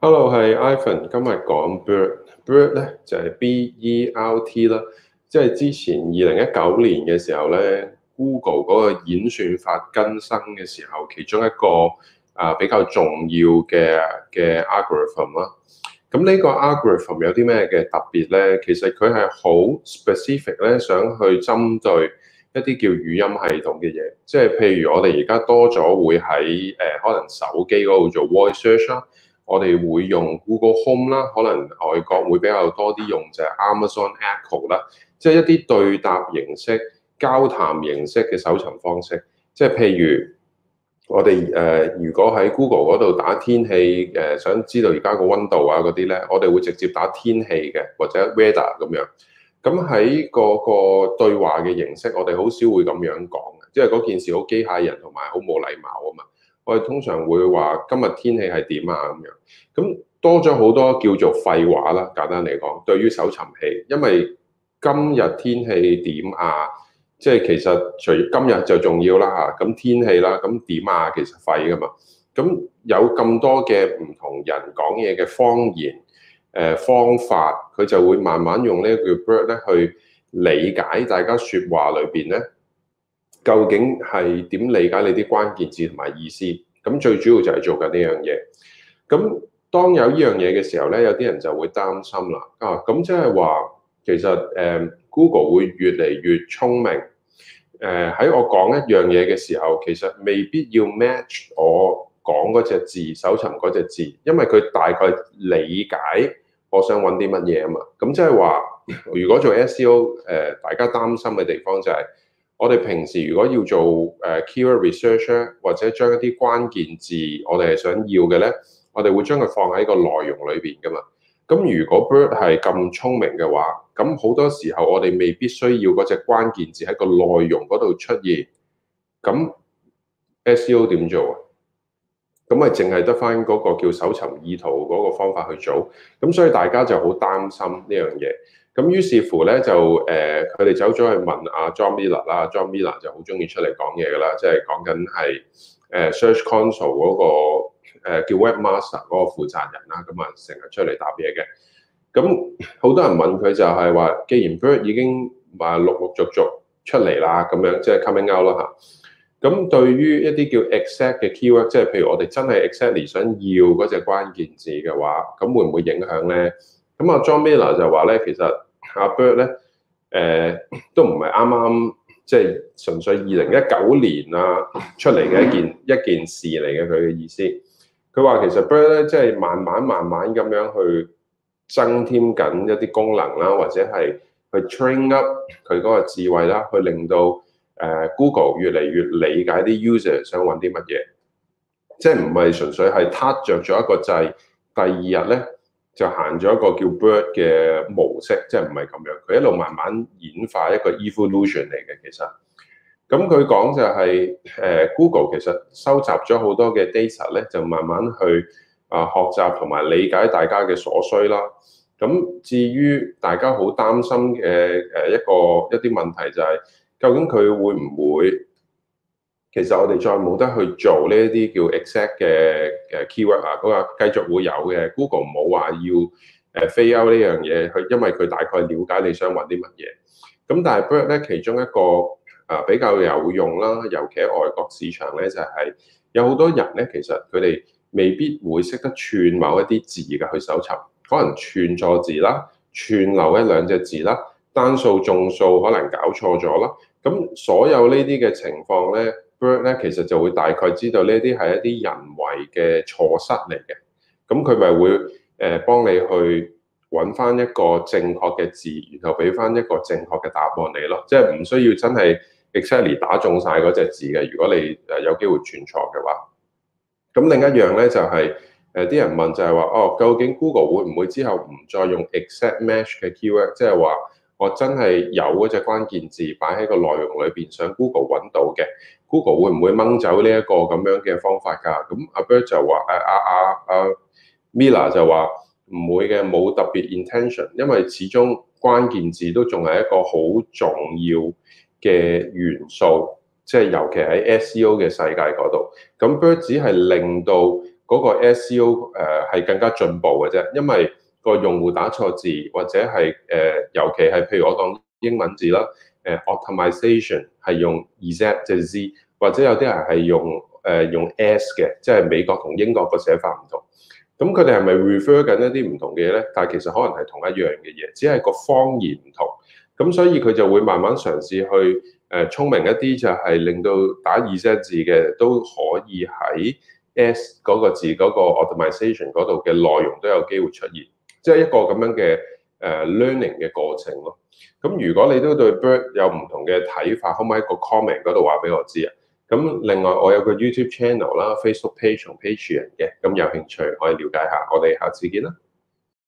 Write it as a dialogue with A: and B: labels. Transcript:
A: Hello，係 Ivan。今日講 BERT，BERT 咧就係 B-E-R-T 啦，即係之前二零一九年嘅時候咧，Google 嗰個演算法更新嘅時候，其中一個啊比較重要嘅嘅 algorithm 啦。咁呢個 algorithm 有啲咩嘅特別咧？其實佢係好 specific 咧，想去針對一啲叫語音系統嘅嘢，即係譬如我哋而家多咗會喺誒可能手機嗰度做 voice search 啦。我哋會用 Google Home 啦，可能外國會比較多啲用就係 Amazon Echo 啦，即係一啲對答形式、交談形式嘅搜尋方式，即係譬如我哋誒如果喺 Google 嗰度打天氣誒，想知道而家個温度啊嗰啲咧，我哋會直接打天氣嘅或者 Weather 咁樣。咁喺嗰個對話嘅形式，我哋好少會咁樣講嘅，即係嗰件事好機械人同埋好冇禮貌啊嘛。我哋通常會話今日天氣係點啊咁樣，咁多咗好多叫做廢話啦。簡單嚟講，對於搜尋器，因為今日天氣點啊，即係其實除今日就重要啦嚇。咁天氣啦，咁點啊，其實廢㗎嘛。咁有咁多嘅唔同人講嘢嘅方言誒方法，佢就會慢慢用呢句 BERT 咧去理解大家説話裏邊咧，究竟係點理解你啲關鍵字同埋意思。咁最主要就係做緊呢樣嘢。咁當有呢樣嘢嘅時候咧，有啲人就會擔心啦。啊，咁即係話，其實誒 Google 會越嚟越聰明。誒、啊、喺我講一樣嘢嘅時候，其實未必要 match 我講嗰隻字、搜尋嗰隻字，因為佢大概理解我想揾啲乜嘢啊嘛。咁即係話，如果做 SEO，誒、啊、大家擔心嘅地方就係、是。我哋平時如果要做誒 keyword researcher 或者將一啲關鍵字我哋係想要嘅咧，我哋會將佢放喺個內容裏邊噶嘛。咁如果 bird 係咁聰明嘅話，咁好多時候我哋未必需要嗰隻關鍵字喺個內容嗰度出現。咁 SEO 點做啊？咁咪淨係得返嗰個叫搜尋意圖嗰個方法去做。咁所以大家就好擔心呢樣嘢。咁於是乎咧就誒，佢、呃、哋走咗去問阿、啊、John Miller 啦、啊、John Miller 就好中意出嚟、就是、講嘢㗎啦，即係講緊係誒 Search Console 嗰個叫 Webmaster 嗰個負責人啦，咁啊成日出嚟答嘢嘅。咁好多人問佢就係話，既然 Google 已經話陸陸續續出嚟啦，咁樣即係 coming out 啦嚇。咁對於一啲叫 exact 嘅 keyword，即係譬如我哋真係 exactly 想要嗰隻關鍵字嘅話，咁會唔會影響咧？咁阿 John Miller 就話咧，其實阿 Bird 咧，誒、呃、都唔係啱啱即係純粹二零一九年啊出嚟嘅一件一件事嚟嘅，佢嘅意思。佢話其實 Bird 咧，即、就、係、是、慢慢慢慢咁樣去增添緊一啲功能啦、啊，或者係去 train up 佢嗰個智慧啦、啊，去令到誒 Google 越嚟越理解啲 user 想揾啲乜嘢，即係唔係純粹係撻着咗一個掣，第二日咧，就行咗一個叫 bird 嘅模式，即係唔係咁樣，佢一路慢慢演化一個 evolution 嚟嘅。其實，咁佢講就係誒 Google 其實收集咗好多嘅 data 咧，就慢慢去啊學習同埋理解大家嘅所需啦。咁至於大家好擔心嘅誒一個一啲問題就係、是，究竟佢會唔會？其實我哋再冇得去做呢一啲叫 exact 嘅誒 keyword 啊，嗰個繼續會有嘅。Google 冇話要誒 phase out 呢樣嘢，佢因為佢大概了解你想揾啲乜嘢。咁但係咧，其中一個啊比較有用啦，尤其喺外國市場咧就係有好多人咧，其實佢哋未必會識得串某一啲字嘅去搜尋，可能串錯字啦，串漏一兩隻字啦，單數、眾數可能搞錯咗啦。咁所有呢啲嘅情況咧。咧其實就會大概知道呢啲係一啲人為嘅錯失嚟嘅，咁佢咪會誒幫你去揾翻一個正確嘅字，然後俾翻一個正確嘅答案你咯，即係唔需要真係 exactly 打中晒嗰隻字嘅。如果你誒有機會轉錯嘅話，咁另一樣咧就係誒啲人問就係話哦，究竟 Google 會唔會之後唔再用 exact match 嘅 keyword，即係話？我真係有嗰隻關鍵字擺喺個內容裏邊，想 Google 揾到嘅，Google 會唔會掹走呢一個咁樣嘅方法㗎？咁阿 Bird 就話誒阿、啊、阿阿、啊啊啊、Mila 就話唔會嘅，冇特別 intention，因為始終關鍵字都仲係一個好重要嘅元素，即係尤其喺 SEO 嘅世界嗰度。咁 Bird 只係令到嗰個 SEO 誒係更加進步嘅啫，因為。個用戶打錯字，或者係誒、呃，尤其係譬如我講英文字啦，誒、呃、optimisation 係用 z 即 Z，或者有啲人係用誒、呃、用 s 嘅，即係美國同英國個寫法唔同。咁佢哋係咪 refer 緊一啲唔同嘅嘢咧？但係其實可能係同一樣嘅嘢，只係個方言唔同。咁所以佢就會慢慢嘗試去誒、呃、聰明一啲，就係、是、令到打 z 字嘅都可以喺 s 嗰個字嗰、那個 optimisation 嗰度嘅內容都有機會出現。即係一個咁樣嘅誒 learning 嘅過程咯。咁、嗯嗯、如果你都對 bird 有唔同嘅睇法，可唔可以喺個 comment 嗰度話俾我知啊？咁、嗯嗯、另外我有個 YouTube channel 啦、Facebook page 同 Patreon 嘅，咁有興趣可以了解下。我哋下次見啦。